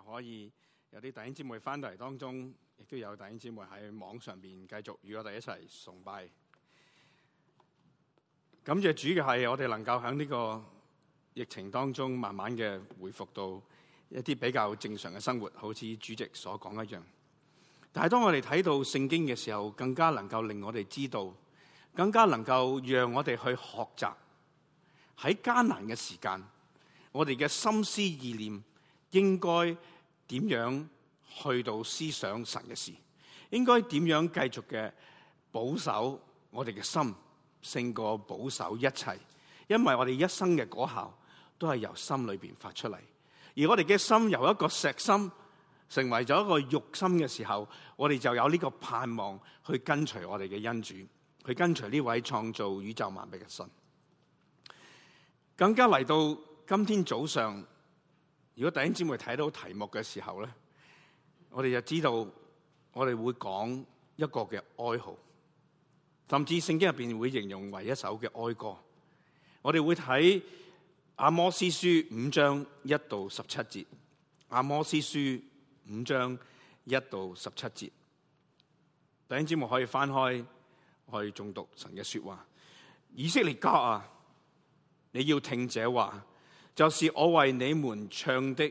可以有啲弟兄姊妹翻到嚟當中，亦都有弟兄姊妹喺網上邊繼續與我哋一齊崇拜。感謝主嘅係我哋能夠響呢個疫情當中慢慢嘅回復到一啲比較正常嘅生活，好似主席所講一樣。但係當我哋睇到聖經嘅時候，更加能夠令我哋知道，更加能夠讓我哋去學習喺艱難嘅時間，我哋嘅心思意念。應該點樣去到思想神嘅事？應該點樣繼續嘅保守我哋嘅心勝過保守一切？因為我哋一生嘅果效都係由心裏邊發出嚟。而我哋嘅心由一個石心成為咗一個肉心嘅時候，我哋就有呢個盼望去跟隨我哋嘅恩主，去跟隨呢位創造宇宙萬物嘅神。更加嚟到今天早上。如果弟兄姊妹睇到題目嘅時候咧，我哋就知道我哋會講一個嘅哀號，甚至聖經入邊會形容為一首嘅哀歌。我哋會睇阿摩司書五章一到十七節，阿摩司書五章一到十七節，弟兄姊妹可以翻開去誦讀神嘅說話。以色列家啊，你要聽這話，就是我為你們唱的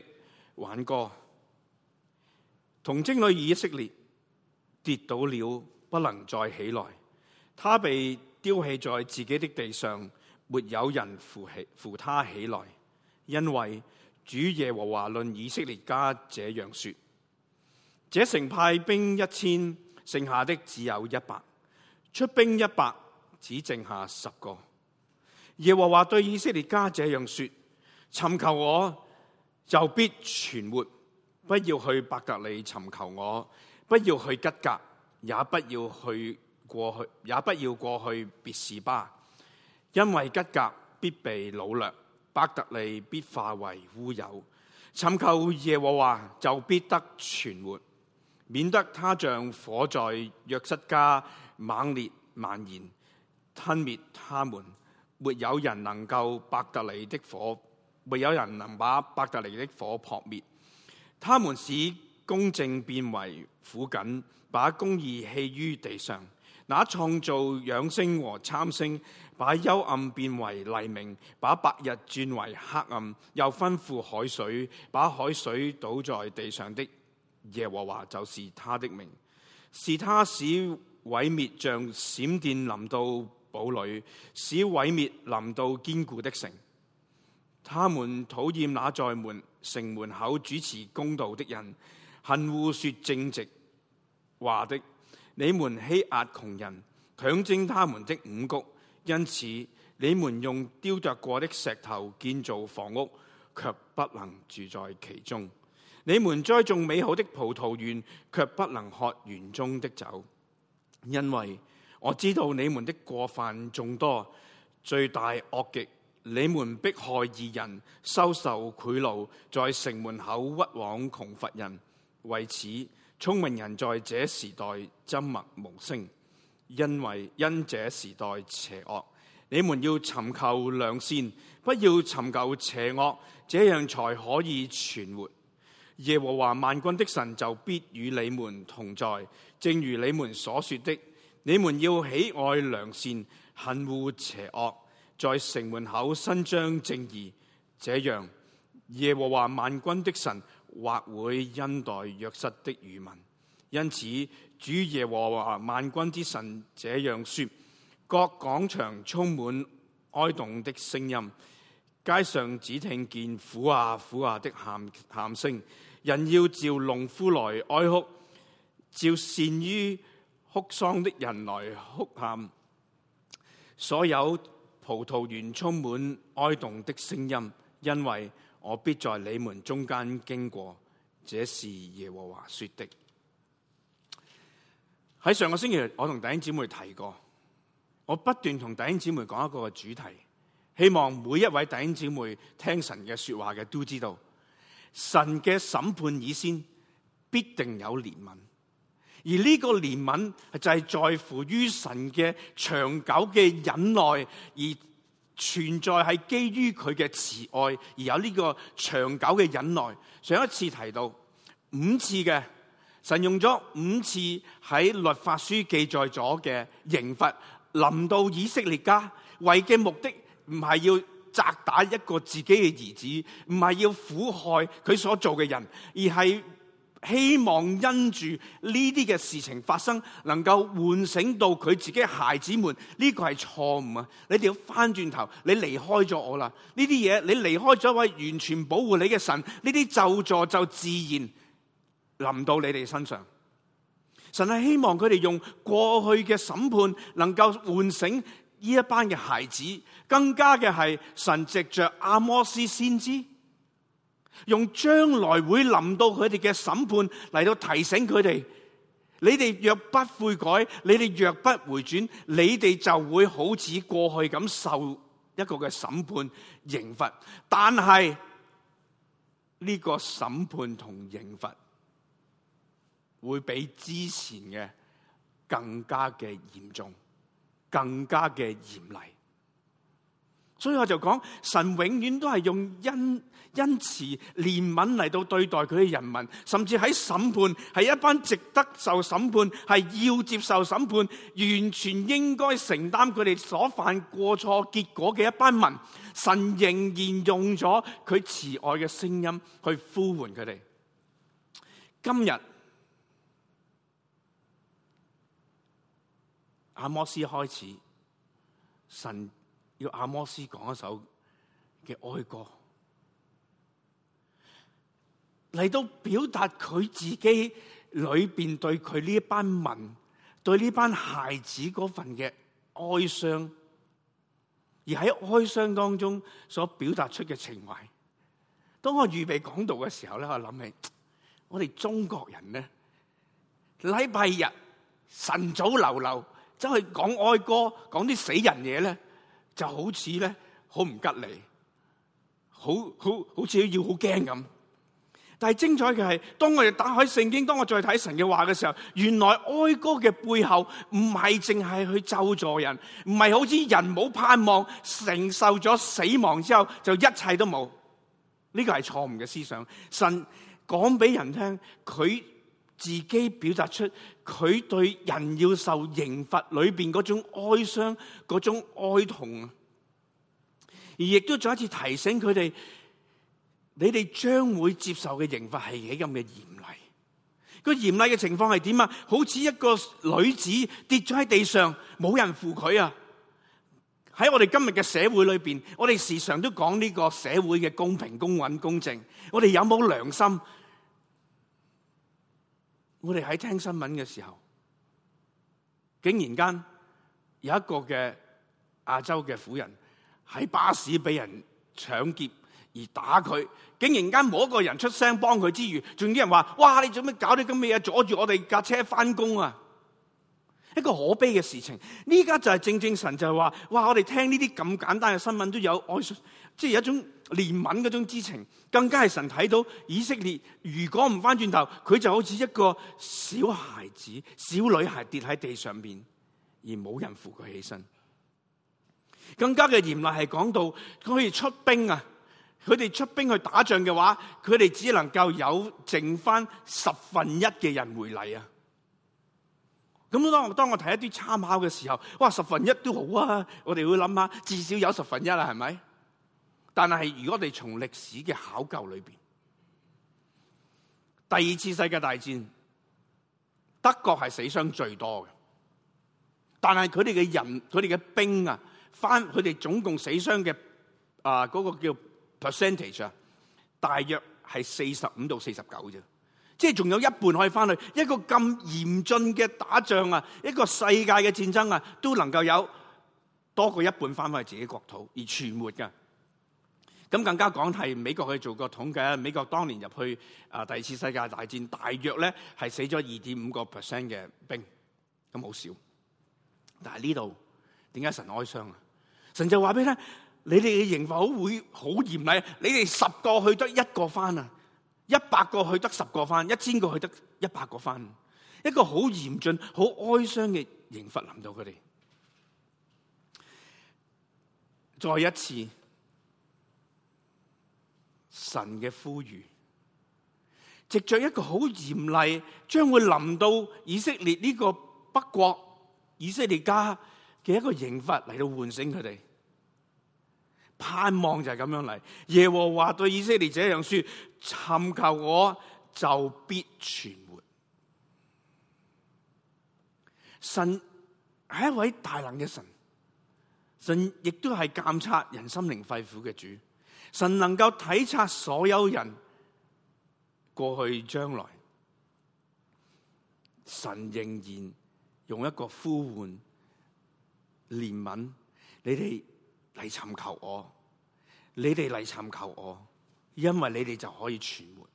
挽歌，童貞女以色列跌倒了，不能再起來。她被丟棄在自己的地上，沒有人扶起扶她起來，因為主耶和華論以色列家這樣說：這城派兵一千，剩下的只有一百；出兵一百，只剩下十個。耶和華對以色列家這樣說。尋求我就必存活，不要去伯特利尋求我，不要去吉格，也不要去過去，也不要過去別是巴，因為吉格必被擄掠，伯特利必化為烏有。尋求耶和華就必得存活，免得他像火在約瑟家猛烈蔓延，吞滅他們。沒有人能夠伯特利的火。沒有人能把伯特利的火撲滅，他們使公正變為苦堇，把公義棄於地上。那創造昴星和參星，把幽暗變為黎明，把白日轉為黑暗。又吩咐海水，把海水倒在地上的耶和華就是他的名，是他使毀滅像閃電臨到堡壘，使毀滅臨到堅固的城。他們討厭那在門城門口主持公道的人，恨惡說正直話的。你們欺壓窮人，強徵他們的五穀，因此你們用雕琢過的石頭建造房屋，卻不能住在其中。你們栽種美好的葡萄園，卻不能喝園中的酒，因為我知道你們的過犯眾多，罪大惡極。你們迫害義人，收受賄賂，在城門口屈枉窮乏人。為此，聰明人在這時代沉默無聲，因為因這時代邪惡。你們要尋求良善，不要尋求邪惡，這樣才可以存活。耶和華萬軍的神就必與你們同在，正如你們所說的。你們要喜愛良善，恨惡邪惡。在城門口伸張正義，這樣耶和華萬軍的神或會恩待約瑟的餘民。因此，主耶和華萬軍之神這樣說：各廣場充滿哀慟的聲音，街上只聽見苦啊苦啊的喊喊聲。人要召農夫來哀哭，召善於哭喪的人來哭喊，所有。葡萄園充滿哀動的聲音，因為我必在你們中間經過。這是耶和華說的。喺上個星期，我同弟兄姊妹提過，我不斷同弟兄姊妹講一個嘅主題，希望每一位弟兄姊妹聽神嘅說話嘅都知道，神嘅審判以先必定有憐憫。而呢個憐憫就係在乎於神嘅長久嘅忍耐，而存在係基於佢嘅慈愛，而有呢個長久嘅忍耐。上一次提到五次嘅神用咗五次喺律法書記載咗嘅刑罰，臨到以色列家，為嘅目的唔係要責打一個自己嘅兒子，唔係要苦害佢所做嘅人，而係，希望因住呢啲嘅事情發生，能夠喚醒到佢自己嘅孩子們，呢個係錯誤啊！你哋要翻轉頭，你離開咗我啦！呢啲嘢，你離開咗一位完全保護你嘅神，呢啲咒詛，就自然臨到你哋身上。神係希望佢哋用過去嘅審判，能夠喚醒呢一班嘅孩子，更加嘅係神藉着阿摩斯先知。用將來會臨到佢哋嘅審判嚟到提醒佢哋，你哋若不悔改，你哋若不回轉，你哋就會好似過去咁受一個嘅審判刑罰。但係呢個審判同刑罰會比之前嘅更加嘅嚴重，更加嘅嚴厲。所以我就講，神永遠都係用恩恩慈憐憫嚟到對待佢嘅人民，甚至喺審判係一班值得受審判、係要接受審判、完全應該承擔佢哋所犯過錯結果嘅一班民，神仍然用咗佢慈愛嘅聲音去呼喚佢哋。今日阿摩司開始，神。要阿摩斯講一首嘅哀歌，嚟到表達佢自己裏邊對佢呢一班民、對呢班孩子嗰份嘅哀傷，而喺哀傷當中所表達出嘅情懷。當我預備講道嘅時候咧，我諗起我哋中國人咧，禮拜日晨早流流走去講哀歌，講啲死人嘢咧。就好似咧，好唔吉利，好好好，好要似要好驚咁。但係精彩嘅係，當我哋打開聖經，當我再睇神嘅話嘅時候，原來哀歌嘅背後唔係淨係去咒助人，唔係好似人冇盼望承受咗死亡之後就一切都冇。呢、這個係錯誤嘅思想。神講俾人聽佢。他自己表達出佢對人要受刑罰裏邊嗰種哀傷、嗰種哀痛啊，而亦都再一次提醒佢哋：你哋將會接受嘅刑罰係幾咁嘅嚴厲。個嚴厲嘅情況係點啊？好似一個女子跌咗喺地上，冇人扶佢啊！喺我哋今日嘅社會裏邊，我哋時常都講呢個社會嘅公平、公允、公正，我哋有冇良心？我哋喺聽新聞嘅時候，竟然間有一個嘅亞洲嘅婦人喺巴士俾人搶劫而打佢，竟然間冇一個人出聲幫佢之餘，仲有人話：嘩，你做咩搞啲咁嘅嘢，阻住我哋架車返工啊！一個可悲嘅事情，呢家就係正正神就係話，哇！我哋聽呢啲咁簡單嘅新聞都有愛，即係有一種憐憫嗰種之情，更加係神睇到以色列如果唔翻轉頭，佢就好似一個小孩子，小女孩跌喺地上面，而冇人扶佢起身。更加嘅嚴厲係講到佢可以出兵啊，佢哋出兵去打仗嘅話，佢哋只能夠有剩翻十分一嘅人回嚟啊。咁當當我睇一啲參考嘅時候，哇，十分一都好啊！我哋會諗下，至少有十分一啦，係咪？但係如果我哋從歷史嘅考究裏面，第二次世界大戰德國係死傷最多嘅，但係佢哋嘅人、佢哋嘅兵啊，翻佢哋總共死傷嘅啊嗰個叫 percentage 啊，大約係四十五到四十九啫。即係仲有一半可以翻去，一個咁嚴峻嘅打仗啊，一個世界嘅戰爭啊，都能夠有多過一半翻翻去自己國土而全活嘅。咁更加講係美國去做個統計，美國當年入去啊第二次世界大戰，大約咧係死咗二點五個 percent 嘅兵，咁好少。但係呢度點解神哀傷啊？神就話俾你聽，你哋嘅刑罰好會好嚴厲，你哋十個去得一個翻啊！一百個去得十個翻，一千個去得一百個翻，一個好嚴峻、好哀傷嘅刑罰臨到佢哋。再一次，神嘅呼籲，藉着一個好嚴厲，將會臨到以色列呢個北國以色列家嘅一個刑罰嚟到喚醒佢哋。盼望就係咁樣嚟，耶和華對以色列這樣說：尋求我就必存活。神係一位大能嘅神，神亦都係監察人心靈肺腑嘅主，神能夠體察所有人過去將來。神仍然用一個呼喚、憐憫你哋。嚟尋求我，你哋嚟尋求我，因為你哋就可以存活。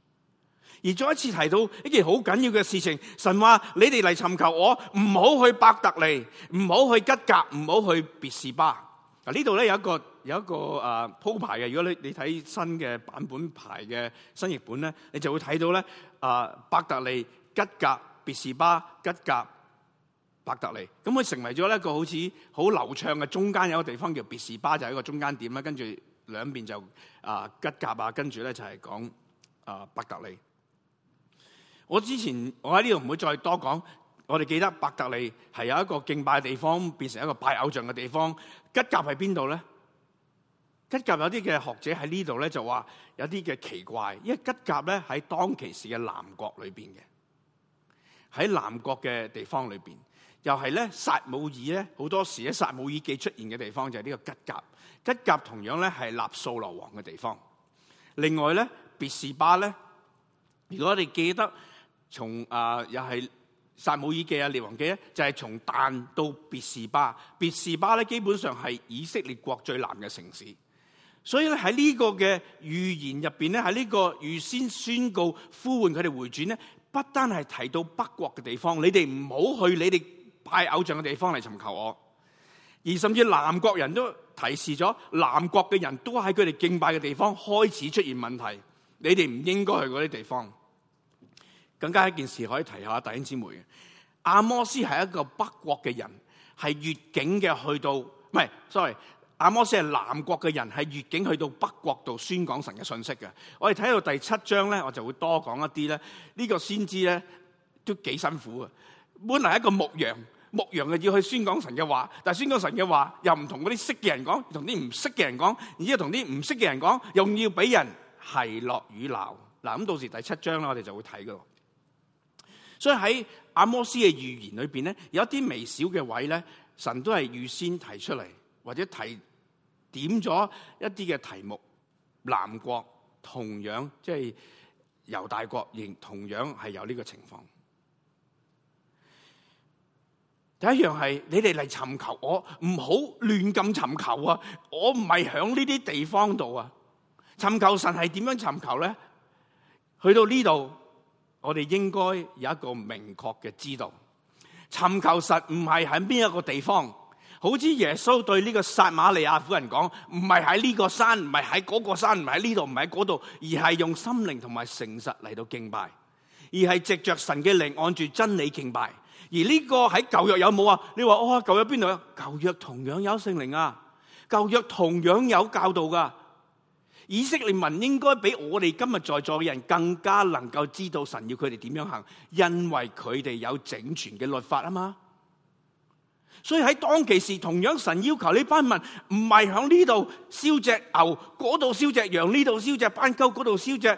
而再一次提到一件好緊要嘅事情，神話你哋嚟尋求我，唔好去伯特利，唔好去吉格，唔好去別士巴。嗱，呢度咧有一個有一個啊、呃、鋪排嘅，如果你你睇新嘅版本牌嘅新譯本咧，你就會睇到咧啊伯特利、吉格、別士巴、吉格。伯特利，咁佢成為咗一個好似好流暢嘅，中間有一個地方叫別是巴，就係、是、一個中間點啦。跟住兩邊就啊、呃、吉甲啊，跟住咧就係講啊伯特利。我之前我喺呢度唔會再多講，我哋記得伯特利係有一個敬拜嘅地方，變成一個拜偶像嘅地方。吉甲喺邊度咧？吉甲有啲嘅學者喺呢度咧就話有啲嘅奇怪，因為吉甲咧喺當其時嘅南國裏邊嘅，喺南國嘅地方裏邊。又係咧，撒母耳咧，好多時喺撒母耳記出現嘅地方就係呢個吉甲。吉甲同樣咧係納掃羅王嘅地方。另外咧，別士巴咧，如果我哋記得，從啊、呃、又係撒母耳記啊列王記咧，就係從但到別士巴。別士巴咧基本上係以色列國最南嘅城市。所以咧喺呢個嘅預言入邊咧，喺呢個預先宣告呼喚佢哋回轉咧，不單係提到北國嘅地方，你哋唔好去，你哋。拜偶像嘅地方嚟尋求我，而甚至南國人都提示咗，南國嘅人都喺佢哋敬拜嘅地方開始出現問題，你哋唔應該去嗰啲地方。更加一件事可以提下弟兄姊妹嘅，阿摩司係一個北國嘅人，係越境嘅去到，唔係，sorry，阿摩司係南國嘅人，係越境去到北國度宣講神嘅信息嘅。我哋睇到第七章咧，我就會多講一啲咧，呢個先知咧都幾辛苦呀，本嚟係一個牧羊。牧羊嘅要去宣講神嘅話，但係宣講神嘅話又唔同嗰啲識嘅人講，同啲唔識嘅人講，然之後同啲唔識嘅人講，又要俾人奚落與鬧。嗱，咁到時第七章啦，我哋就會睇噶。所以喺阿摩斯嘅預言裏邊咧，有一啲微小嘅位咧，神都係預先提出嚟，或者提點咗一啲嘅題目。南國同樣即係猶大國，仍同樣係有呢個情況。第一樣係你哋嚟，尋求我，唔好亂咁尋求啊！我唔係響呢啲地方度啊！尋求神係點樣尋求咧？去到呢度，我哋應該有一個明確嘅知道。尋求神唔係喺邊一個地方，好似耶穌對呢個撒瑪利亞婦人講，唔係喺呢個山，唔係喺嗰個山，唔係喺呢度，唔係喺嗰度，而係用心靈同埋誠實嚟到敬拜，而係藉着神嘅靈按住真理敬拜。而呢個喺舊約有冇啊？你話哦，舊約邊度啊？舊約同樣有聖靈啊，舊約同樣有教導㗎。以色列民應該比我哋今日在座嘅人更加能夠知道神要佢哋點樣行，因為佢哋有整全嘅律法啊嘛。所以喺當其時，同樣神要求呢班民，唔係響呢度燒隻牛，嗰度燒隻羊，呢度燒隻斑鳩，嗰度燒隻。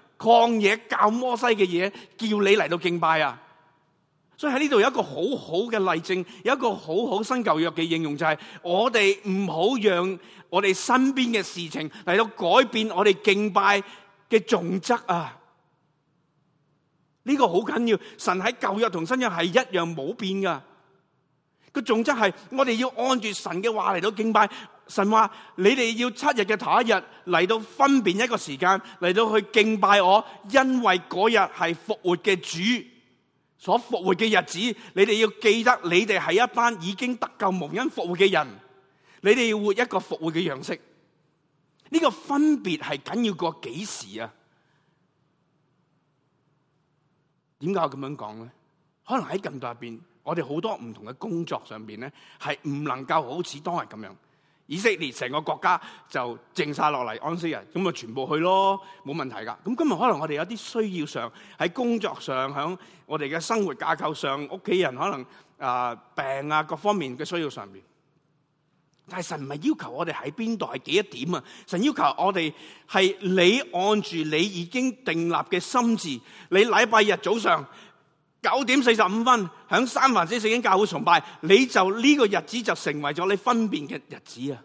曠野教摩西嘅嘢，叫你嚟到敬拜啊！所以喺呢度有一個好好嘅例證，有一個好好新舊約嘅應用，就係、是、我哋唔好讓我哋身邊嘅事情嚟到改變我哋敬拜嘅準則啊！呢、這個好緊要，神喺舊約同新約係一樣冇變噶，個準則係我哋要按住神嘅話嚟到敬拜。神話你哋要七日嘅頭一日嚟到分辨一個時間嚟到去敬拜我，因為嗰日係復活嘅主所復活嘅日子，你哋要記得你哋係一班已經得救蒙恩復活嘅人，你哋要活一個復活嘅樣式。呢個分別係緊要過幾時啊？點解我咁樣講咧？可能喺近代入邊，我哋好多唔同嘅工作上邊咧，係唔能夠好似當日咁樣。以色列成個國家就靜晒落嚟，安息日，咁咪全部去咯，冇問題噶。咁今日可能我哋有啲需要上喺工作上，響我哋嘅生活架構上，屋企人可能、呃、病啊各方面嘅需要上面。但係神唔係要求我哋喺邊度，係幾一點啊？神要求我哋係你按住你已經定立嘅心志，你禮拜日早上。九點四十五分，喺三藩市聖經教會崇拜，你就呢、這個日子就成為咗你分辨嘅日子啊。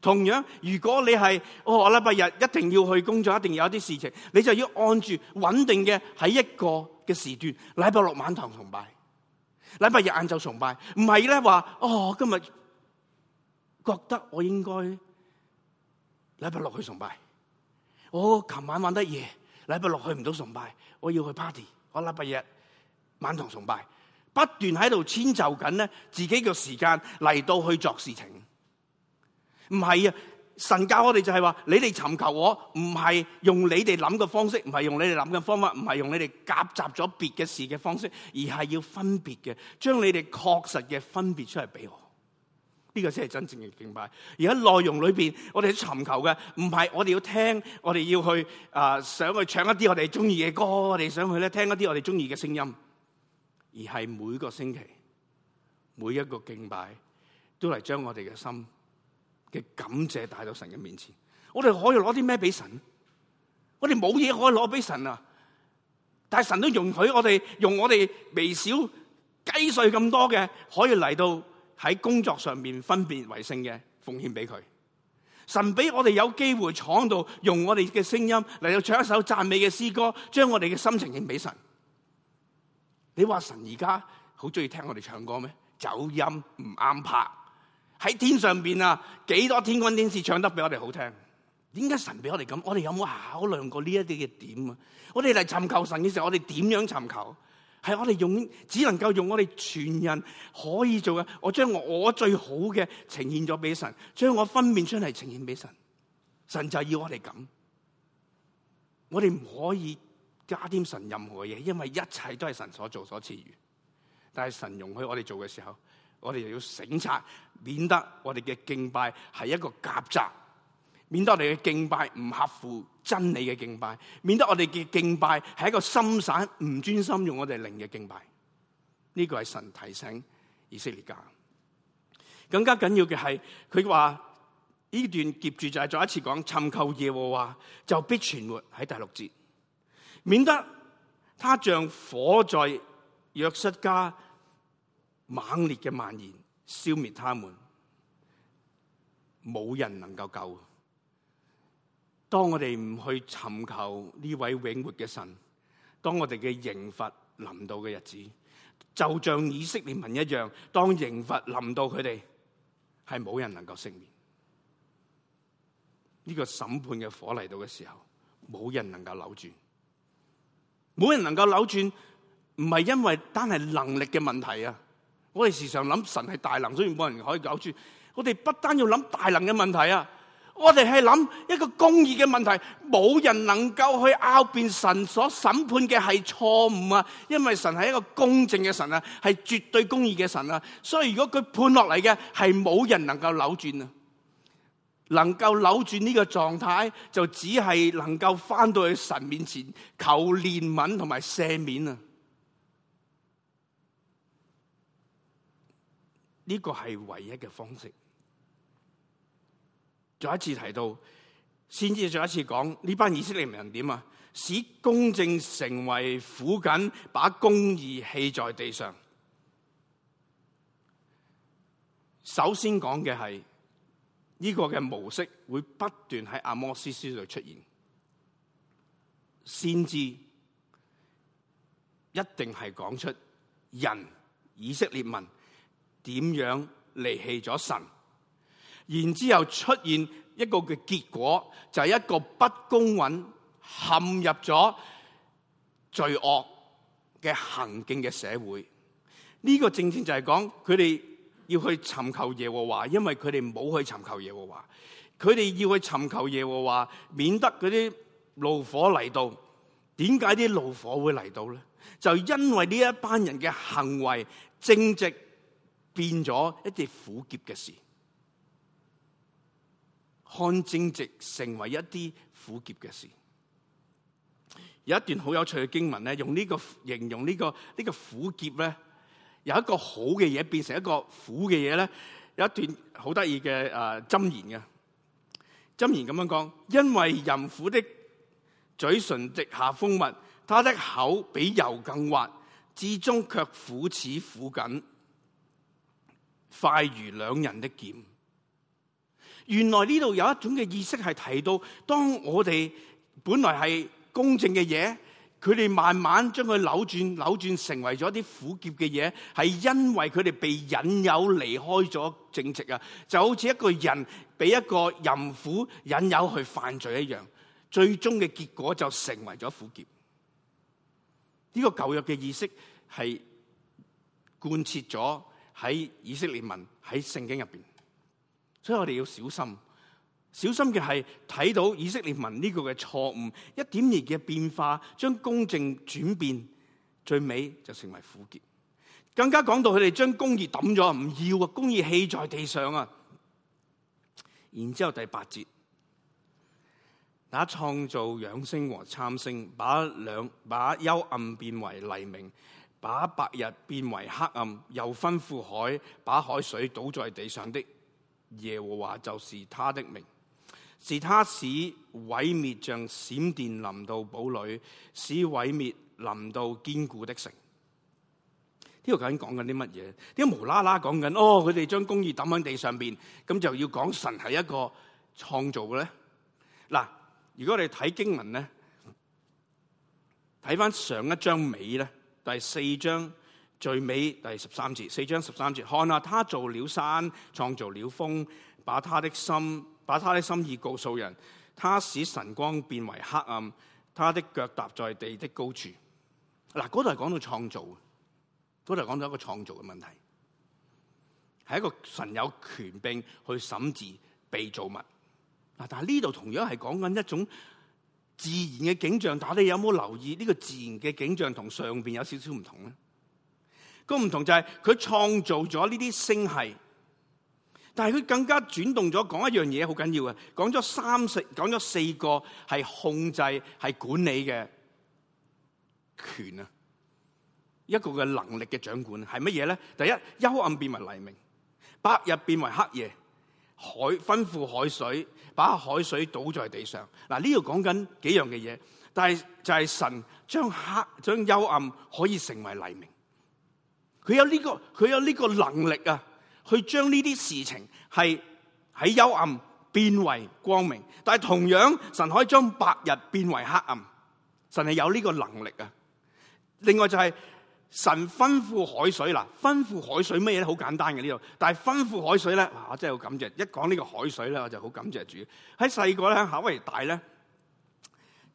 同樣，如果你係哦禮拜日一定要去工作，一定要有啲事情，你就要按住穩定嘅喺一個嘅時段，禮拜六晚堂崇拜，禮拜日晏晝崇拜，唔係咧話哦今日覺得我應該禮拜六去崇拜，我、哦、琴晚玩得夜，禮拜六去唔到崇拜，我要去 party。我禮拜日晚堂崇拜，不斷喺度遷就緊咧自己嘅時間嚟到去作事情，唔係啊！神教我哋就係話你哋尋求我，唔係用你哋諗嘅方式，唔係用你哋諗嘅方法，唔係用你哋夾雜咗別嘅事嘅方式，而係要分別嘅，將你哋確實嘅分別出嚟俾我。呢、這個先係真正嘅敬拜。而喺內容裏邊，我哋尋求嘅唔係我哋要聽，我哋要去啊、呃，想去唱一啲我哋中意嘅歌，我哋想去咧聽一啲我哋中意嘅聲音，而係每個星期每一個敬拜都嚟將我哋嘅心嘅感謝帶到神嘅面前。我哋可以攞啲咩俾神？我哋冇嘢可以攞俾神啊！但係神都容許我哋用我哋微小雞碎咁多嘅，可以嚟到。喺工作上面分別為聖嘅奉獻俾佢，神俾我哋有機會坐喺度，用我哋嘅聲音嚟到唱一首讚美嘅詩歌，將我哋嘅心情獻俾神。你話神而家好中意聽我哋唱歌咩？走音唔啱拍，喺天上邊啊，幾多天軍天使唱得比我哋好聽？點解神俾我哋咁？我哋有冇考慮過呢一啲嘅點啊？我哋嚟尋求神嘅時候，我哋點樣尋求？係我哋用，只能夠用我哋全人可以做嘅，我將我最好嘅呈現咗俾神，將我分辨出嚟呈現俾神，神就要我哋咁。我哋唔可以加添神任何嘢，因為一切都係神所做所賜予。但係神容許我哋做嘅時候，我哋就要省察，免得我哋嘅敬拜係一個夾雜。免得我哋嘅敬拜唔合乎真理嘅敬拜，免得我哋嘅敬拜係一個心散、唔專心用我哋靈嘅敬拜。呢個係神提醒以色列家。更加緊要嘅係，佢話呢段挾住就係再一次講尋求耶和華就必存活，喺第六節，免得他像火在約瑟家猛烈嘅蔓延，消滅他們，冇人能夠救。當我哋唔去尋求呢位永活嘅神，當我哋嘅刑罰臨到嘅日子，就像以色列民一樣，當刑罰臨到佢哋，係冇人能夠熄滅。呢個審判嘅火嚟到嘅時候，冇人能夠扭轉。冇人能夠扭轉，唔係因為單係能力嘅問題啊！我哋時常諗神係大能，所以冇人可以扭轉。我哋不單要諗大能嘅問題啊！我哋係諗一個公義嘅問題，冇人能夠去拗辯神所審判嘅係錯誤啊！因為神係一個公正嘅神啊，係絕對公義嘅神啊，所以如果佢判落嚟嘅係冇人能夠扭轉啊，能夠扭轉呢個狀態，就只係能夠返到去神面前求憐憫同埋赦免啊！呢個係唯一嘅方式。再一次提到，先知再一次講呢班以色列人點啊，使公正成為苦緊，把公義棄在地上。首先講嘅係呢個嘅模式會不斷喺阿摩司書度出現，先知一定係講出人以色列民點樣離棄咗神。然之後出現一個嘅結果，就係、是、一個不公允、陷入咗罪惡嘅行徑嘅社會。呢、這個正正就係講佢哋要去尋求耶和華，因為佢哋冇去尋求耶和華。佢哋要去尋求耶和華，免得嗰啲怒火嚟到。點解啲怒火會嚟到咧？就因為呢一班人嘅行為正直變咗一啲苦澀嘅事。看正直成為一啲苦澀嘅事，有一段好有趣嘅經文咧，用呢、這個形容呢、這個呢、這個苦澀咧，由一個好嘅嘢變成一個苦嘅嘢咧，有一段好得意嘅誒箴言，嘅箴言咁樣講，因為淫婦的嘴唇滴下蜂蜜，她的口比油更滑，至終卻苦似苦緊，快如兩刃的劍。原來呢度有一種嘅意識係提到，當我哋本來係公正嘅嘢，佢哋慢慢將佢扭轉、扭轉，成為咗啲苦澀嘅嘢，係因為佢哋被引誘離開咗正直啊！就好似一個人俾一個淫婦引誘去犯罪一樣，最終嘅結果就成為咗苦澀。呢、這個舊約嘅意識係貫徹咗喺以色列民喺聖經入邊。所以我哋要小心，小心嘅係睇到以色列民呢個嘅錯誤，一點二嘅變化，將公正轉變，最尾就成為苦劫。更加講到佢哋將公義抌咗，唔要啊，公義棄在地上啊。然之後第八節，打創造昴星和參星，把兩把幽暗變為黎明，把白日變為黑暗，又吩咐海，把海水倒在地上的。耶和華就是他的名，是他使毀滅像閃電臨到堡壘，使毀滅臨到堅固的城。呢度究竟講緊啲乜嘢？點解無啦啦講緊？哦，佢哋將公義抌喺地上邊，咁就要講神係一個創造嘅咧？嗱，如果我哋睇經文咧，睇翻上一章尾咧，第四章。最尾第十三節，四章十三節，看下他造了山，創造了風，把他的心，把他的心意告訴人，他使神光變為黑暗，他的腳踏在地的高處。嗱，嗰度係講到創造，嗰度係講到一個創造嘅問題，係一個神有權柄去審治被造物。嗱，但係呢度同樣係講緊一種自然嘅景象，大家有冇留意呢個自然嘅景象同上邊有少少唔同咧？個唔同就係佢創造咗呢啲星系，但係佢更加轉動咗講一樣嘢，好緊要嘅。講咗三十講咗四個係控制係管理嘅權啊，一個嘅能力嘅掌管係乜嘢咧？第一，幽暗變為黎明，白日變為黑夜。海吩咐海水，把海水倒在地上。嗱，呢度講緊幾樣嘅嘢，但係就係神將黑將幽暗可以成為黎明。佢有呢、這個佢有呢個能力啊，去將呢啲事情係喺幽暗變為光明，但係同樣神可以將白日變為黑暗，神係有呢個能力啊。另外就係、是、神吩咐海水啦，吩咐海水乜嘢都好簡單嘅呢度，但係吩咐海水咧，哇！我真係好感謝，一講呢個海水咧，我就好感謝主。喺細個咧，考喂大咧，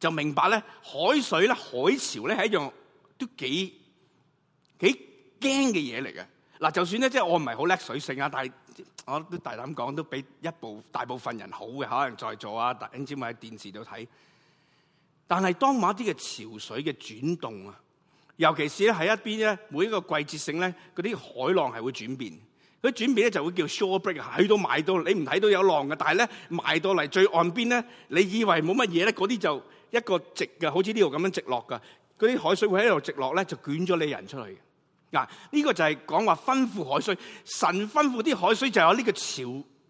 就明白咧海水咧海潮咧係一樣都幾幾。驚嘅嘢嚟嘅。嗱，就算咧，即係我唔係好叻水性啊，但係我都大膽講，都比一部大部分人好嘅，可能在座啊，大 N Z 咪喺電視度睇。但係當某一啲嘅潮水嘅轉動啊，尤其是咧喺一邊咧每一個季節性咧，嗰啲海浪係會轉變。佢轉變咧就會叫 shore break，喺度埋到你唔睇到有浪嘅，但係咧埋到嚟最岸邊咧，你以為冇乜嘢咧，嗰啲就一個直嘅，好似呢度咁樣直落噶。嗰啲海水會喺度直落咧，就捲咗你人出去。嗱，呢個就係講話吩咐海水，神吩咐啲海水就有呢個潮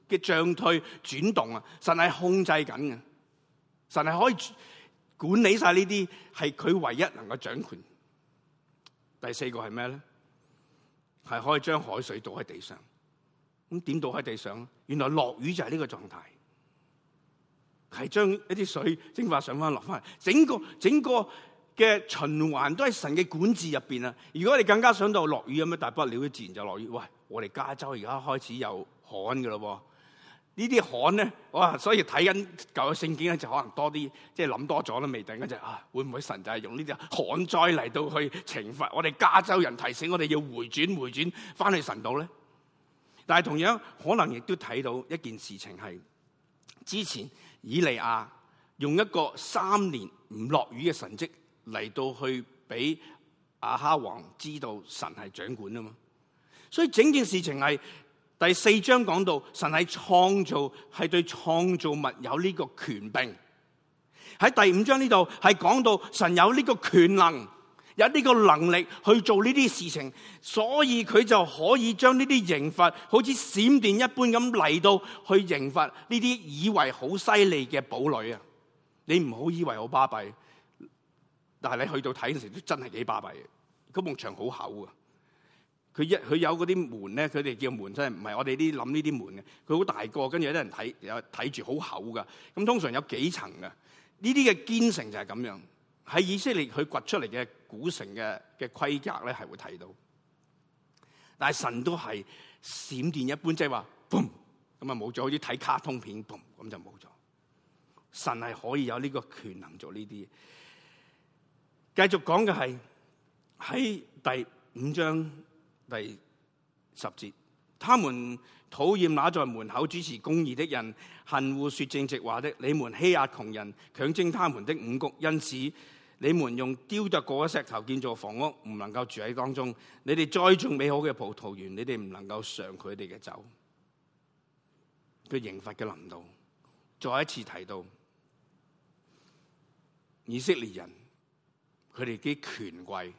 嘅漲退轉動啊，神係控制緊嘅，神係可以管理晒呢啲，係佢唯一能夠掌權。第四個係咩咧？係可以將海水倒喺地上，咁點倒喺地上咧？原來落雨就係呢個狀態，係將一啲水蒸發上翻、落翻嚟，整個整個。嘅循環都喺神嘅管治入邊啊！如果你更加想到落雨咁咧，大不了自然就落雨。喂，我哋加州而家開始有旱噶啦。呢啲旱咧哇，所以睇緊舊嘅聖經咧，就可能多啲即係諗多咗啦。未等緊就是、啊，會唔會神就係用呢啲旱災嚟到去懲罰我哋加州人？提醒我哋要回轉回轉返去神度咧。但係同樣可能亦都睇到一件事情係之前以利亞用一個三年唔落雨嘅神跡。嚟到去俾阿哈王知道神係掌管啊嘛，所以整件事情係第四章講到神係創造，係對創造物有呢個權柄，喺第五章呢度係講到神有呢個權能，有呢個能力去做呢啲事情，所以佢就可以將呢啲刑罰好似閃電一般咁嚟到去刑罰呢啲以為好犀利嘅堡壘啊！你唔好以為好巴閉。但係你去到睇嘅時候真的的，真係幾巴閉嘅。埲牆好厚啊，佢一佢有嗰啲門咧，佢哋叫門真係唔係我哋啲諗呢啲門嘅。佢好大個，跟住有啲人睇有睇住好厚噶。咁通常有幾層嘅呢啲嘅堅城就係咁樣。喺以色列佢掘出嚟嘅古城嘅嘅規格咧，係會睇到。但係神都係閃電一般，即係話，咁啊冇咗，好似睇卡通片，咁就冇咗。神係可以有呢個權能做呢啲。繼續講嘅係喺第五章第十節，他們討厭那在門口主持公義的人，恨惡說正直話的。你們欺壓窮人，強徵他們的五谷，因此你們用雕琢過嘅石頭建造房屋，唔能夠住喺當中。你哋栽種美好嘅葡萄園，你哋唔能夠嘗佢哋嘅酒。佢刑罰嘅臨到，再一次提到以色列人。佢哋嘅權貴，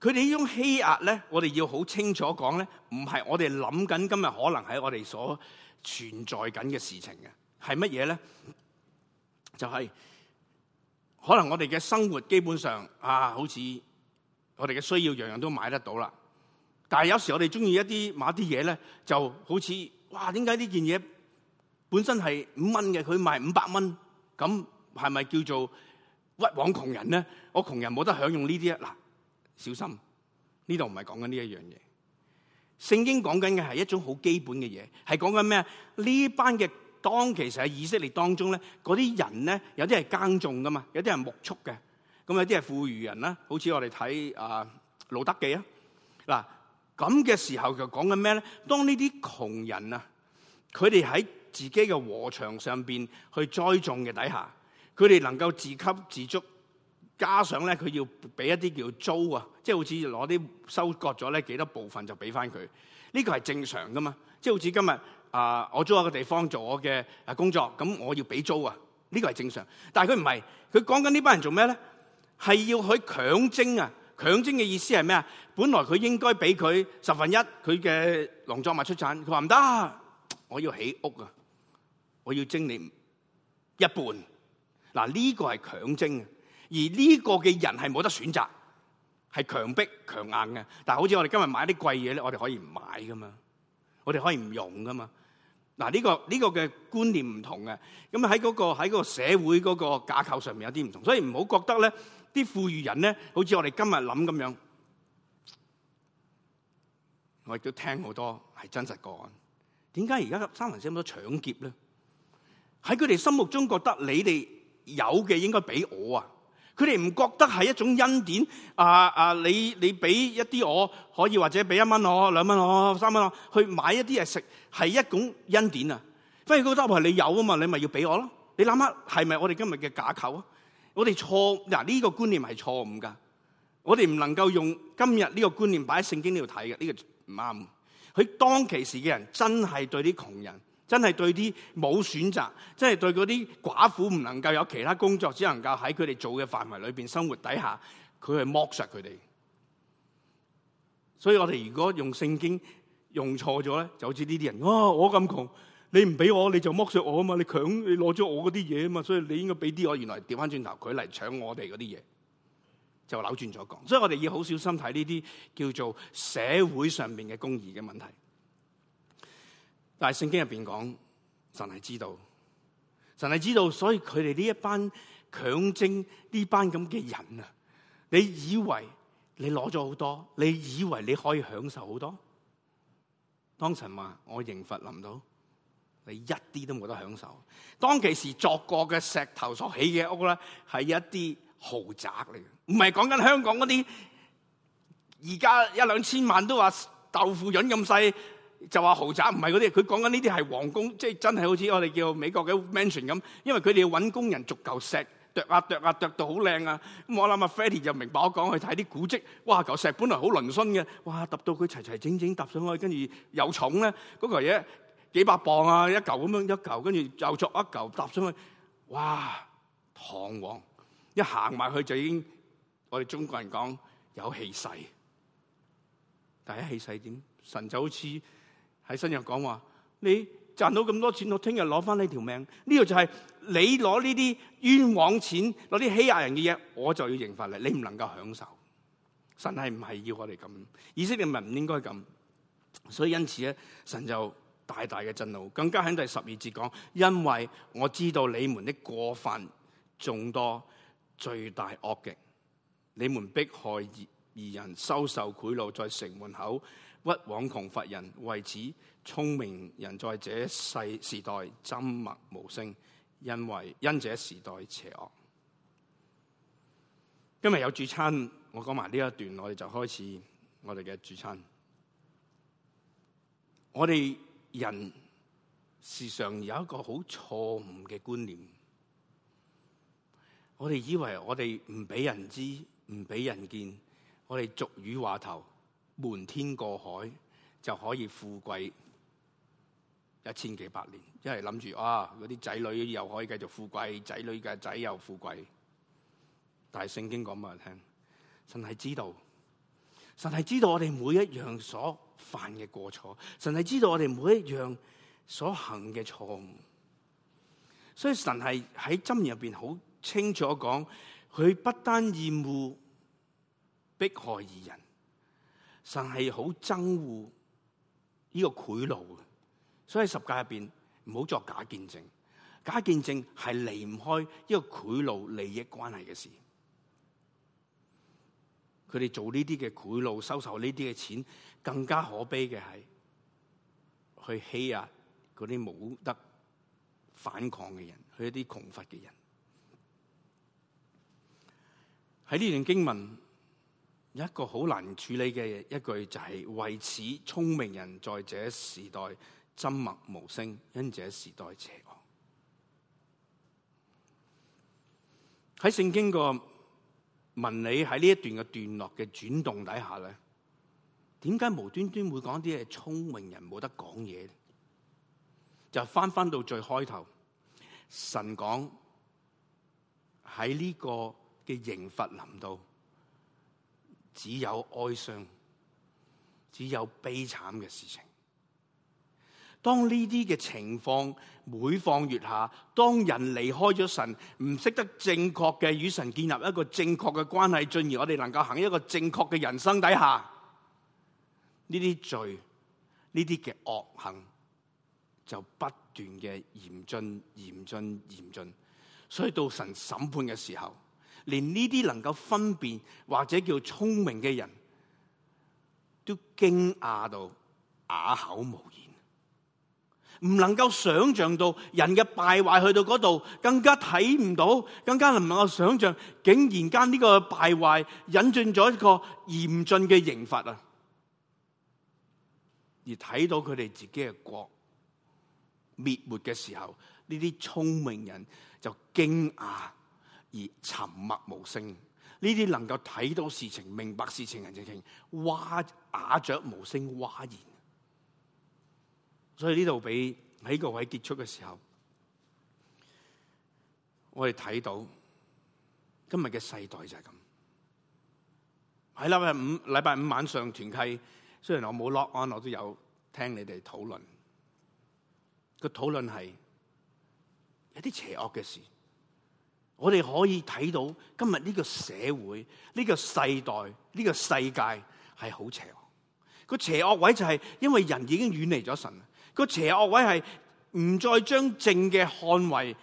佢哋呢種欺壓咧，我哋要好清楚講咧，唔係我哋諗緊今日可能喺我哋所存在緊嘅事情嘅，係乜嘢咧？就係、是、可能我哋嘅生活基本上啊，好似我哋嘅需要樣樣都買得到啦。但係有時我哋中意一啲買啲嘢咧，就好似哇點解呢件嘢本身係五蚊嘅，佢賣五百蚊，咁係咪叫做？屈枉窮人咧，我窮人冇得享用呢啲啊！嗱，小心呢度唔係講緊呢一樣嘢。聖經講緊嘅係一種好基本嘅嘢，係講緊咩？呢班嘅當其實喺以色列當中咧，嗰啲人咧有啲係耕種噶嘛，有啲係牧畜嘅，咁有啲係富裕人啦。好似我哋睇啊路德記啊，嗱咁嘅時候就講緊咩咧？當呢啲窮人啊，佢哋喺自己嘅禾場上邊去栽種嘅底下。佢哋能夠自給自足，加上咧佢要俾一啲叫租啊，即係好似攞啲收割咗咧幾多部分就俾翻佢，呢個係正常㗎嘛。即係好似今日啊，我租一個地方做我嘅工作，咁我要俾租啊，呢個係正常。但係佢唔係，佢講緊呢班人做咩咧？係要佢強徵啊！強徵嘅意思係咩啊？本來佢應該俾佢十分一佢嘅農作物出產，佢話唔得，我要起屋啊，我要徵你一半。嗱、這、呢個係強徵，而呢個嘅人係冇得選擇，係強迫強硬嘅。但係好似我哋今日買啲貴嘢咧，我哋可以唔買噶嘛，我哋可以唔用噶嘛。嗱、這、呢個呢、這個嘅觀念唔同嘅，咁喺嗰個喺嗰個社會嗰個架構上面有啲唔同，所以唔好覺得咧，啲富裕人咧，好似我哋今日諗咁樣，我亦都聽好多係真實個案。點解而家三文四咁多搶劫咧？喺佢哋心目中覺得你哋。有嘅應該俾我啊！佢哋唔覺得係一種恩典啊啊！你你俾一啲我，可以或者俾一蚊我，兩蚊我，三蚊我去買一啲嘢食，係一種恩典啊！反而覺得話你有啊嘛，你咪要俾我咯，啊！你諗下係咪我哋今日嘅假構啊？我哋錯，嗱，呢個觀念係錯誤噶，我哋唔能夠用今日呢個觀念擺喺聖經呢度睇嘅，呢、這個唔啱。佢當其時嘅人真係對啲窮人，真係對啲冇選擇，真係對嗰啲寡婦唔能夠有其他工作，只能夠喺佢哋做嘅範圍裏面生活底下，佢係剝削佢哋。所以我哋如果用聖經用錯咗咧，就好似呢啲人，哇，我咁窮，你唔俾我，你就剝削我啊嘛，你強你攞咗我嗰啲嘢啊嘛，所以你應該俾啲我。原來調翻轉頭，佢嚟搶我哋嗰啲嘢，就扭轉咗講。所以我哋要好小心睇呢啲叫做社會上面嘅公義嘅問題。但係聖經入邊講，神係知道，神係知道，所以佢哋呢一班強徵呢班咁嘅人啊，你以為你攞咗好多，你以為你可以享受好多？當神話我刑罰臨到，你一啲都冇得享受。當其時作過嘅石頭所起嘅屋咧，係一啲豪宅嚟嘅，唔係講緊香港嗰啲而家一兩千萬都話豆腐膶咁細。就話豪宅唔係嗰啲，佢講緊呢啲係皇宮，即係真係好似我哋叫美國嘅 mansion 咁。因為佢哋要揾工人逐嚿石，啄啊啄啊啄到好靚啊。咁我諗阿 Fanny 就明白我講，去睇啲古蹟，哇嚿石本來好嶙峋嘅，哇揼到佢齊齊整整揼上去，跟住又重咧，嗰嚿嘢幾百磅啊，一嚿咁樣一嚿，跟住又作一嚿揼上去，哇堂皇！一行埋去就已經，我哋中國人講有氣勢。但係氣勢點？神就好似～喺新約講話，你賺到咁多錢，我聽日攞翻你條命。呢個就係你攞呢啲冤枉錢，攞啲欺壓人嘅嘢，我就要刑罰嚟。你唔能夠享受，神係唔係要我哋咁。以色列民唔應該咁，所以因此咧，神就大大嘅震怒。更加喺第十二節講，因為我知道你們的過犯眾多，罪大惡極，你們逼害義義人，收受賄賂，在城門口。屈枉窮乏人，為此聰明人在這世時代沉默無聲，因為因這時代邪惡。今日有主餐，我講埋呢一段，我哋就開始我哋嘅主餐。我哋人時常有一個好錯誤嘅觀念，我哋以為我哋唔俾人知，唔俾人見，我哋俗語話頭。瞞天過海就可以富貴一千幾百年，一係諗住啊，啲仔女又可以繼續富貴，仔女嘅仔又富貴。但係聖經講俾我聽，神係知道，神係知道我哋每一樣所犯嘅過錯，神係知道我哋每一樣所行嘅錯誤。所以神係喺箴言入邊好清楚講，佢不單厭惡逼害二人。神係好憎惡呢個賄賂嘅，所以在十誡入邊唔好作假見證，假見證係離唔開一個賄賂利益關係嘅事。佢哋做呢啲嘅賄賂，收受呢啲嘅錢，更加可悲嘅係去欺壓嗰啲冇得反抗嘅人，去一啲窮乏嘅人。喺呢段經文。一個好難處理嘅一句就係，為此聰明人在這時代沉默無聲，因這時代邪惡。喺聖經個文理喺呢一段嘅段落嘅轉動底下呢，點解無端端會講啲嘢聰明人冇得講嘢？就翻翻到最開頭，神講喺呢個嘅刑罰林度，只有哀傷，只有悲慘嘅事情。當呢啲嘅情況每況愈下，當人離開咗神，唔識得正確嘅與神建立一個正確嘅關係，進而我哋能夠行一個正確嘅人生底下，呢啲罪，呢啲嘅惡行，就不斷嘅嚴、嚴峻、嚴峻、嚴峻。所以到神審判嘅時候。連呢啲能夠分辨或者叫聰明嘅人都驚訝到啞口無言，唔能夠想象到人嘅敗壞去到嗰度，更加睇唔到，更加唔能夠想象，竟然間呢個敗壞引進咗一個嚴峻嘅刑罰啊！而睇到佢哋自己嘅國滅沒嘅時候，呢啲聰明人就驚訝。而沉默無聲，呢啲能夠睇到事情、明白事情人就叫嘩鴉雀無聲嘩然。所以呢度俾喺個位結束嘅時候，我哋睇到今日嘅世代就係咁。喺禮拜五，禮拜五晚上團契，雖然我冇 log on，我都有聽你哋討論。個討論係一啲邪惡嘅事。我哋可以睇到今日呢個社會、呢個世代、呢個世界係好邪惡。個邪惡位就係因為人已經遠離咗神，個邪惡位係唔再將正嘅看為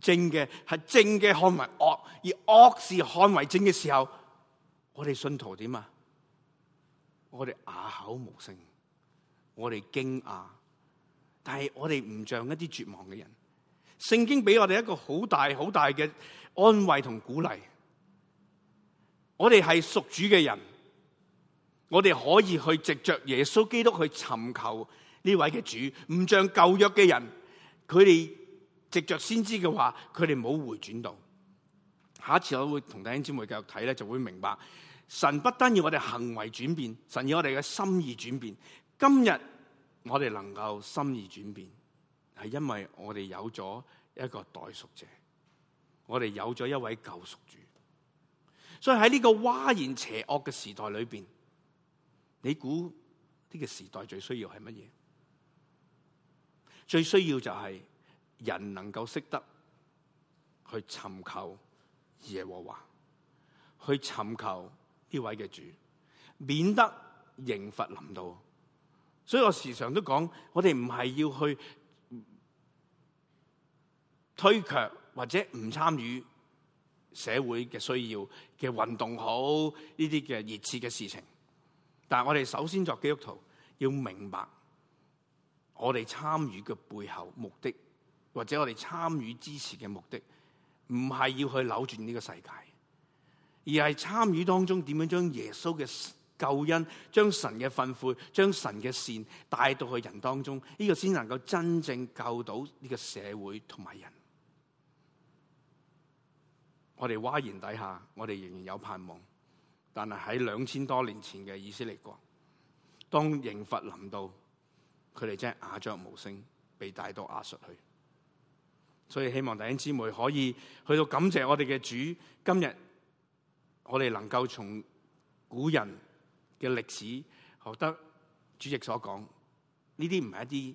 正嘅，係正嘅看為惡，而惡是看為正嘅時候，我哋信徒點啊？我哋啞口無聲，我哋驚訝，但係我哋唔像一啲絕望嘅人。聖經俾我哋一個好大好大嘅安慰同鼓勵，我哋係屬主嘅人，我哋可以去藉着耶穌基督去尋求呢位嘅主。唔像舊約嘅人，佢哋藉着先知嘅話，佢哋冇回轉到。下一次我會同弟兄姐妹繼續睇咧，就會明白神不單要我哋行為轉變，神要我哋嘅心意轉變。今日我哋能夠心意轉變。係因為我哋有咗一個代贖者，我哋有咗一位救贖主，所以喺呢個嘩然邪惡嘅時代裏邊，你估呢個時代最需要係乜嘢？最需要就係人能夠識得去尋求耶和華，去尋求呢位嘅主，免得刑罰臨到。所以我時常都講，我哋唔係要去。推卻或者唔參與社會嘅需要嘅運動好呢啲嘅熱切嘅事情，但係我哋首先作基督徒要明白，我哋參與嘅背後目的，或者我哋參與支持嘅目的，唔係要去扭轉呢個世界，而係參與當中點樣將耶穌嘅救恩、將神嘅憤悔、將神嘅善帶到去人當中，呢、呢個先能夠真正救到呢個社會同埋人。我哋挖岩底下，我哋仍然有盼望。但係喺兩千多年前嘅以色列國，當刑罰臨到，佢哋真係啞雀無聲，被帶到亞述去。所以希望弟兄姊妹可以去到感謝我哋嘅主。今日我哋能夠從古人嘅歷史學得主席所講，呢啲唔係一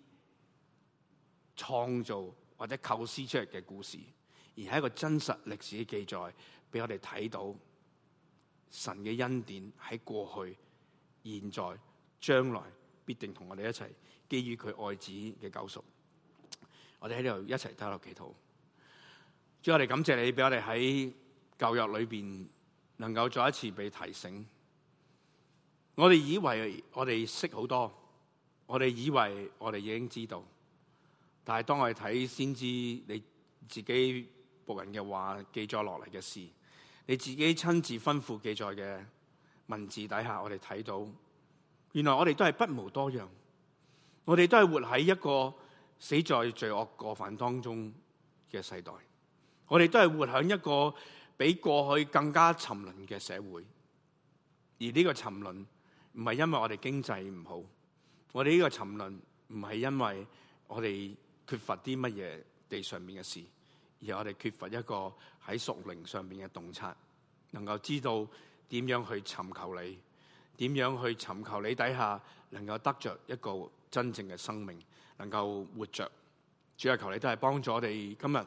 啲創造或者構思出嚟嘅故事。而係一個真實歷史嘅記載，俾我哋睇到神嘅恩典喺過去、現在、將來必定同我哋一齊基於佢愛子嘅救贖。我哋喺呢度一齊低頭祈禱。主，我哋感謝你，俾我哋喺教育裡邊能夠再一次被提醒。我哋以為我哋識好多，我哋以為我哋已經知道，但係當我哋睇，先知你自己。僕人嘅話記載落嚟嘅事，你自己親自吩咐記載嘅文字底下，我哋睇到，原來我哋都係不遑多讓，我哋都係活喺一個死在罪惡過犯當中嘅世代，我哋都係活喺一個比過去更加沉淪嘅社會，而呢個沉淪唔係因為我哋經濟唔好，我哋呢個沉淪唔係因為我哋缺乏啲乜嘢地上面嘅事。而我哋缺乏一個喺屬靈上面嘅洞察，能夠知道點樣去尋求你，點樣去尋求你底下能夠得着一個真正嘅生命，能夠活着。主啊，求你都係幫助我哋。今日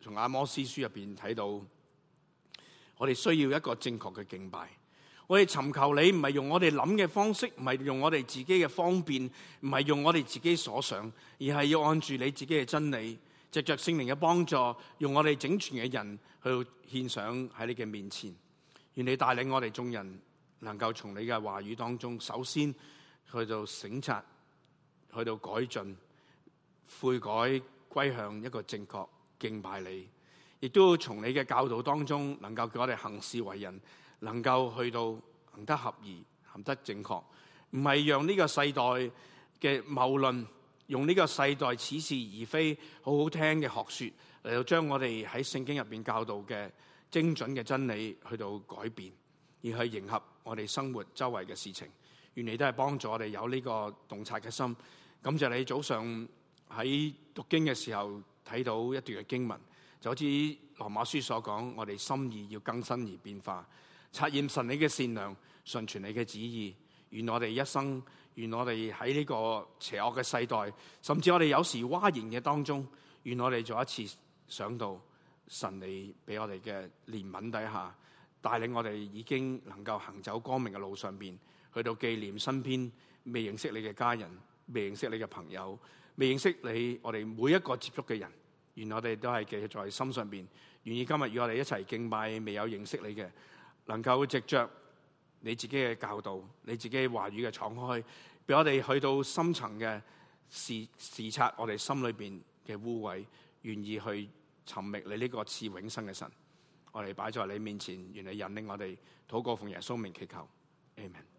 從阿摩司書入邊睇到，我哋需要一個正確嘅敬拜。我哋尋求你，唔係用我哋諗嘅方式，唔係用我哋自己嘅方便，唔係用我哋自己所想，而係要按住你自己嘅真理。藉着聖靈嘅幫助，用我哋整全嘅人去到獻上喺你嘅面前，願你帶領我哋眾人能夠從你嘅話語當中，首先去到省察，去到改進、悔改、歸向一個正確敬拜你，亦都從你嘅教導當中，能夠叫我哋行事為人，能夠去到行得合宜、行得正確，唔係讓呢個世代嘅謬論。用呢個世代似是而非好好聽嘅學説，嚟到將我哋喺聖經入邊教導嘅精準嘅真理去到改變，而去迎合我哋生活周圍嘅事情，原嚟都係幫助我哋有呢個洞察嘅心。感謝你早上喺讀經嘅時候睇到一段嘅經文，就好似羅馬書所講，我哋心意要更新而變化，察驗神你嘅善良，順從你嘅旨意，願我哋一生。願我哋喺呢個邪惡嘅世代，甚至我哋有時嘩然嘅當中，願我哋再一次想到神你俾我哋嘅憐憫底下，帶領我哋已經能夠行走光明嘅路上邊，去到紀念身邊未認識你嘅家人，未認識你嘅朋友，未認識你我哋每一個接觸嘅人。願我哋都係記在心上邊。願意今日與我哋一齊敬拜未有認識你嘅，能夠藉著你自己嘅教導、你自己話語嘅敞開。俾我哋去到深層嘅視視察我哋心裏邊嘅污穢，願意去尋覓你呢個賜永生嘅神，我哋擺在你面前，願你引領我哋禱告奉耶穌名祈求，amen。